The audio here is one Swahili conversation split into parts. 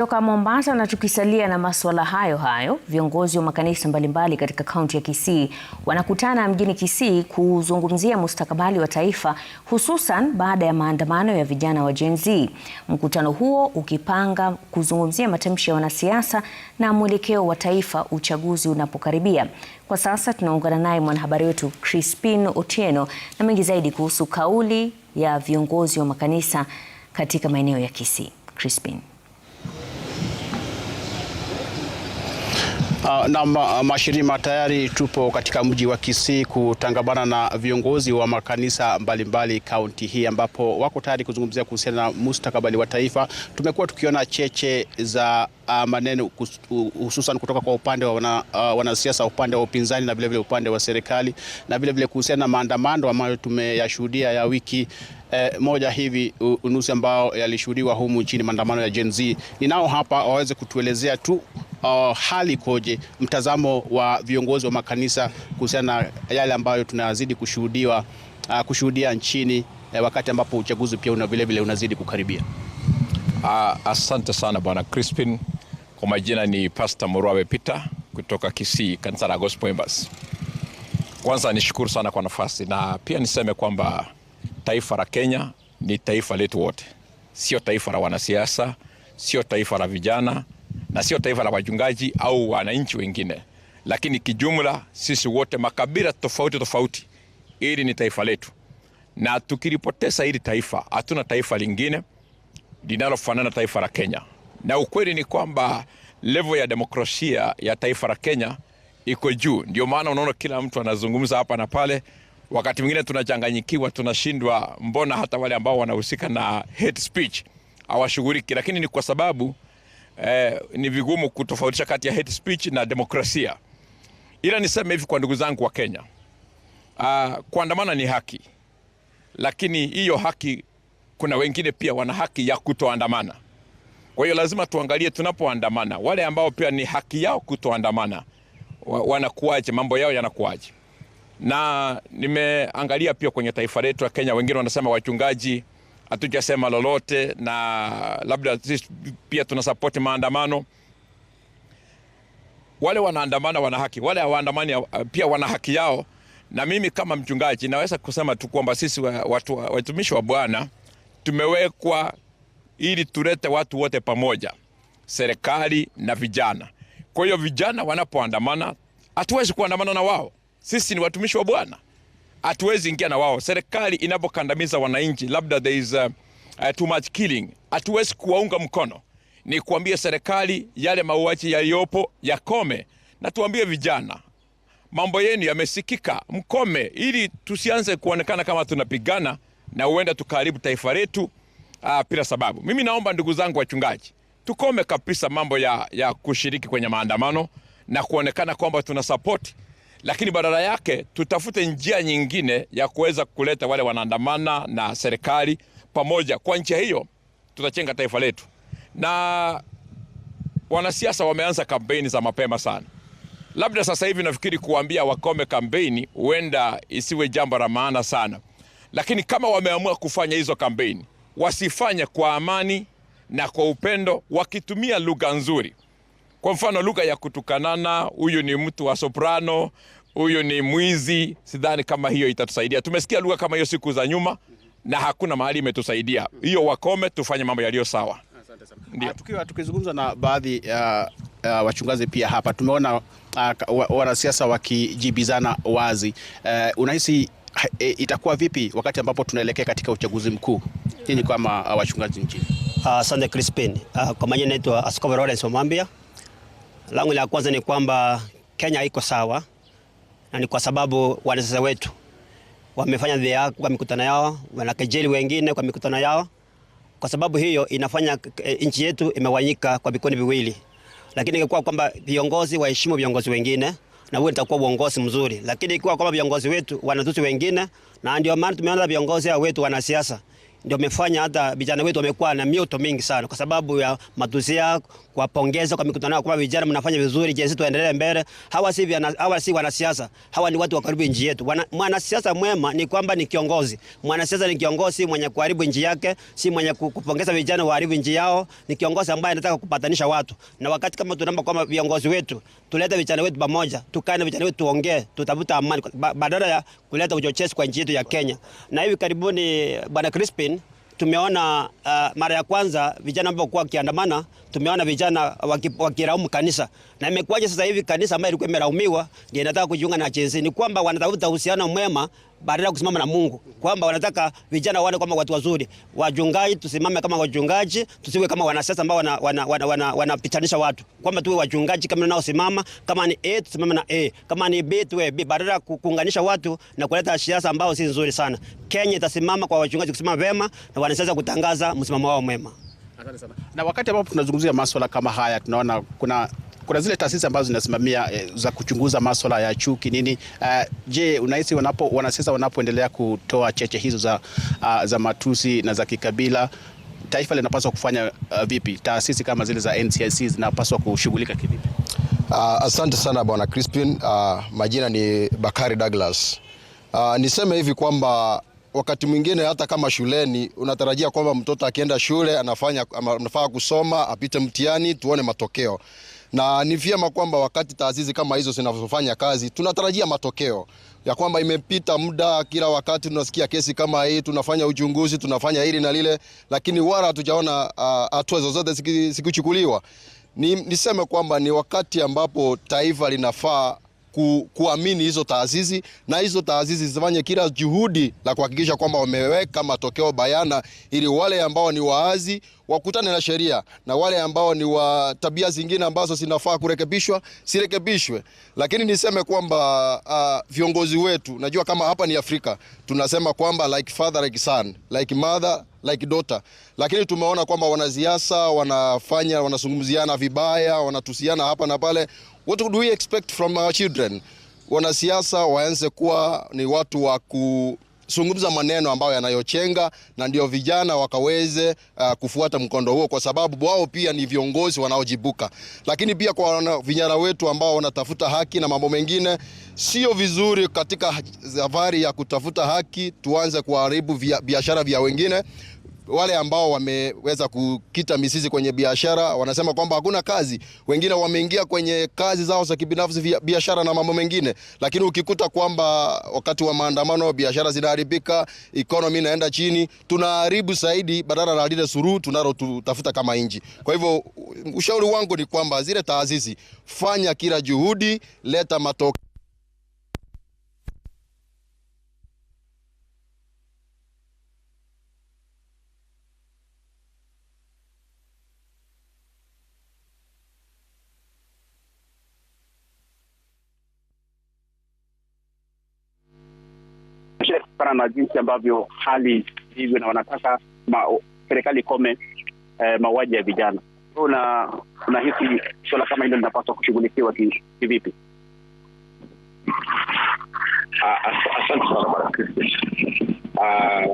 Toka Mombasa na tukisalia na masuala hayo hayo, viongozi wa makanisa mbalimbali katika kaunti ya Kisii wanakutana mjini Kisii kuzungumzia mustakabali wa taifa hususan baada ya maandamano ya vijana wa Gen Z. Mkutano huo ukipanga kuzungumzia matamshi ya wanasiasa na mwelekeo wa taifa uchaguzi unapokaribia. Kwa sasa tunaungana naye mwanahabari wetu Crispin Otieno na mengi zaidi kuhusu kauli ya viongozi wa makanisa katika maeneo ya Kisii. Crispin. Ah, na ma, ah, Mashirima, tayari tupo katika mji wa Kisii kutangamana na viongozi wa makanisa mbalimbali kaunti hii ambapo wako tayari kuzungumzia kuhusiana na mustakabali wa taifa. Tumekuwa tukiona cheche za uh, maneno hususan kutoka kwa upande wa wana, uh, wanasiasa upande wa upinzani na vilevile upande wa serikali na vilevile kuhusiana na maandamano ambayo tumeyashuhudia ya wiki Eh, moja hivi unusi ambao yalishuhudiwa humu nchini maandamano ya Gen Z. Ninao hapa waweze kutuelezea tu uh, hali ikoje, mtazamo wa viongozi wa makanisa kuhusiana na yale ambayo tunazidi kushuhudiwa uh, kushuhudia nchini uh, wakati ambapo uchaguzi pia una vilevile unazidi kukaribia. Uh, asante sana Bwana Crispin. Kwa majina ni Pastor Murawe Peter kutoka Kisii, kanisa la Gospel Embassy. Kwanza nishukuru sana kwa nafasi na pia niseme kwamba taifa la Kenya ni taifa letu wote, sio taifa la wanasiasa, sio taifa la vijana na sio taifa la wachungaji au wananchi wengine, lakini kijumla sisi wote makabila tofauti tofauti, ili ni taifa letu, na tukilipoteza hili taifa hatuna taifa lingine linalofanana taifa la Kenya. Na ukweli ni kwamba level ya demokrasia ya taifa la Kenya iko juu, ndio maana unaona kila mtu anazungumza hapa na pale. Wakati mwingine tunachanganyikiwa, tunashindwa, mbona hata wale ambao wanahusika na hate speech hawashughuliki, lakini ni kwa sababu eh, ni vigumu kutofautisha kati ya hate speech na demokrasia. Ila niseme hivi kwa ndugu zangu wa Kenya, uh, kuandamana ni haki, lakini hiyo haki, kuna wengine pia wana haki ya kutoandamana. Kwa hiyo lazima tuangalie tunapoandamana, wale ambao pia ni haki yao kutoandamana wanakuaje, mambo yao yanakuaje. Na nimeangalia pia kwenye taifa letu la Kenya, wengine wanasema wachungaji hatujasema lolote, na labda sisi pia support maandamano. Wale wanaandamana wana haki, wale hawaandamani pia wana haki yao. Na mimi kama mchungaji naweza kusema tu kwamba sisi watu watumishi wa Bwana tumewekwa ili tulete watu wote pamoja, serikali na vijana. Kwa hiyo vijana wanapoandamana, hatuwezi kuandamana na wao, sisi ni watumishi wa Bwana hatuwezi ingia na wao. Serikali inapokandamiza wananchi, labda there is a, uh, a uh, too much killing, hatuwezi kuwaunga mkono. Ni kuambia serikali yale mauaji yaliyopo yakome, na tuambie vijana, mambo yenu yamesikika, mkome, ili tusianze kuonekana kama tunapigana na huenda tukaharibu taifa letu uh, bila sababu. Mimi naomba ndugu zangu wachungaji, tukome kabisa mambo ya, ya kushiriki kwenye maandamano na kuonekana kwamba tuna support lakini badala yake tutafute njia nyingine ya kuweza kuleta wale wanaandamana na serikali pamoja. Kwa njia hiyo tutachenga taifa letu. Na wanasiasa wameanza kampeni za mapema sana, labda sasa hivi nafikiri kuambia wakome kampeni huenda isiwe jambo la maana sana, lakini kama wameamua kufanya hizo kampeni wasifanye kwa amani na kwa upendo, wakitumia lugha nzuri kwa mfano lugha ya kutukanana, huyu ni mtu wa soprano, huyu ni mwizi. Sidhani kama hiyo itatusaidia. Tumesikia lugha kama hiyo siku za nyuma na hakuna mahali imetusaidia. Hiyo wakome, tufanye mambo yaliyo sawa. Ah, tukiwa tukizungumza na baadhi ya uh, uh, wachungaji pia hapa tumeona uh, wanasiasa wakijibizana wazi. Uh, unahisi uh, itakuwa vipi wakati ambapo tunaelekea katika uchaguzi mkuu nini kama uh, wachungaji nchini? Asante uh, Crispin. Uh, kwa majina naitwa Askofu Lawrence Omambia langu la kwanza ni kwamba Kenya haiko sawa, na ni kwa sababu wanasiasa wetu wamefanya dhia kwa mikutano yao, wanakejeli wengine kwa mikutano yao. Kwa sababu hiyo inafanya eh, nchi yetu imewanyika kwa vikundi viwili, lakini ingekuwa kwamba viongozi waheshimu viongozi wengine na huo nitakuwa uongozi mzuri, lakini ikiwa kwamba viongozi wetu wanatusi wengine, na ndio maana tumeona viongozi wetu wanasiasa ndio amefanya hata vijana wetu wamekuwa na mioto mingi sana, kwa sababu ya matusi yao, kuwapongeza kwa mikutano yao, kwa vijana mnafanya vizuri, jinsi tuendelee mbele. Hawa si vijana, hawa si wanasiasa, hawa ni watu wa karibu nchi yetu. Mwanasiasa mwema ni kwamba ni kiongozi. Mwanasiasa ni kiongozi mwenye kuharibu nchi yake, si mwenye kupongeza vijana waharibu nchi yao. Ni kiongozi ambaye anataka kupatanisha watu, na wakati kama tunaomba kwamba viongozi wetu tulete vijana wetu pamoja, tukae na vijana wetu, tuongee, tutafuta amani badala ya kuleta uchochezi kwa nchi yetu ya Kenya. Na hivi karibuni bwana Crispin tumeona uh, mara ya kwanza vijana ambao kwa kiandamana, tumeona vijana wakilaumu kanisa. Na imekuwaje sasa hivi kanisa ambayo ilikuwa imelaumiwa ndio inataka kujiunga na chenzi Ni kwamba wanatafuta uhusiano mwema badala ya kusimama na Mungu, kwamba wanataka vijana wale kama watu wazuri. wajungaji, tusimame kama wajungaji, tusiwe kama wanasiasa ambao wanapitanisha wana, wana, wana, wana watu, kwamba tuwe wajungaji kama nao simama, kama ni A tusimame na A, kama ni B tuwe B, badala ya kuunganisha watu na kuleta siasa ambao si nzuri sana. Kenya itasimama kwa wajungaji kusimama vema na wanasiasa kutangaza msimamo wao mwema. Asante sana. Na wakati ambapo tunazungumzia masuala kama haya, tunaona kuna kuna zile taasisi ambazo zinasimamia e, za kuchunguza maswala ya chuki nini. Uh, je, unahisi wanapo wanasiasa wanapoendelea kutoa cheche hizo za, uh, za matusi na za kikabila taifa linapaswa kufanya uh, vipi? Taasisi kama zile za NCIC zinapaswa kushughulika kivipi? Uh, asante sana bwana Crispin. Uh, majina ni Bakari Douglas. Uh, niseme hivi kwamba wakati mwingine hata kama shuleni unatarajia kwamba mtoto akienda shule anafanya anafaa kusoma apite mtihani tuone matokeo na ni vyema kwamba wakati taasisi kama hizo zinazofanya kazi tunatarajia matokeo ya kwamba imepita muda, kila wakati tunasikia kesi kama hii, tunafanya uchunguzi, tunafanya hili na lile, lakini wala hatujaona hatua uh, zozote zikichukuliwa. Niseme kwamba ni wakati ambapo taifa linafaa ku, kuamini hizo taasisi na hizo taasisi zifanye kila juhudi la kuhakikisha kwamba wameweka matokeo bayana, ili wale ambao ni waazi wakutane na sheria na wale ambao ni wa tabia zingine ambazo zinafaa kurekebishwa sirekebishwe. Lakini niseme kwamba uh, viongozi wetu, najua kama hapa ni Afrika tunasema kwamba like father like son, like mother like Dota, lakini tumeona kwamba wanasiasa wanafanya wanazungumziana vibaya, wanatusiana hapa na pale. What do we expect from our children? Wanasiasa waanze kuwa ni watu wa ku zungumza maneno ambayo yanayochenga na ndio vijana wakaweze uh, kufuata mkondo huo, kwa sababu wao pia ni viongozi wanaojibuka. Lakini pia kwa vijana wetu ambao wanatafuta haki na mambo mengine, sio vizuri katika safari ya kutafuta haki tuanze kuharibu biashara vya wengine wale ambao wameweza kukita mizizi kwenye biashara wanasema kwamba hakuna kazi. Wengine wameingia kwenye kazi zao za kibinafsi, biashara na mambo mengine, lakini ukikuta kwamba wakati wa maandamano biashara zinaharibika, economy inaenda chini, tunaharibu zaidi badala na lile suluhu tunalotutafuta kama nchi. Kwa hivyo ushauri wangu ni kwamba zile taasisi, fanya kila juhudi, leta matokeo. kutokana na jinsi ambavyo hali hivyo, na wanataka serikali ikome eh, mauaji ya vijana. Una unahisi suala kama hilo linapaswa kushughulikiwa kivipi? Ah, asante sana bwana Kristo. Ah,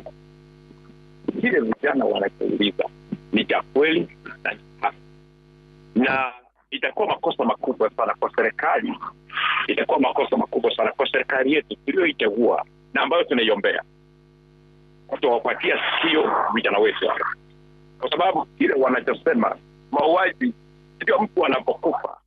kile vijana wanachouliza ni cha kweli na itakuwa makosa makubwa sana kwa serikali, itakuwa makosa makubwa sana kwa serikali yetu tuliyoitegua na ambayo tunaiombea kutowapatia sikio vijana wetu, kwa sababu kile wanachosema mauaji, sio mtu anapokufa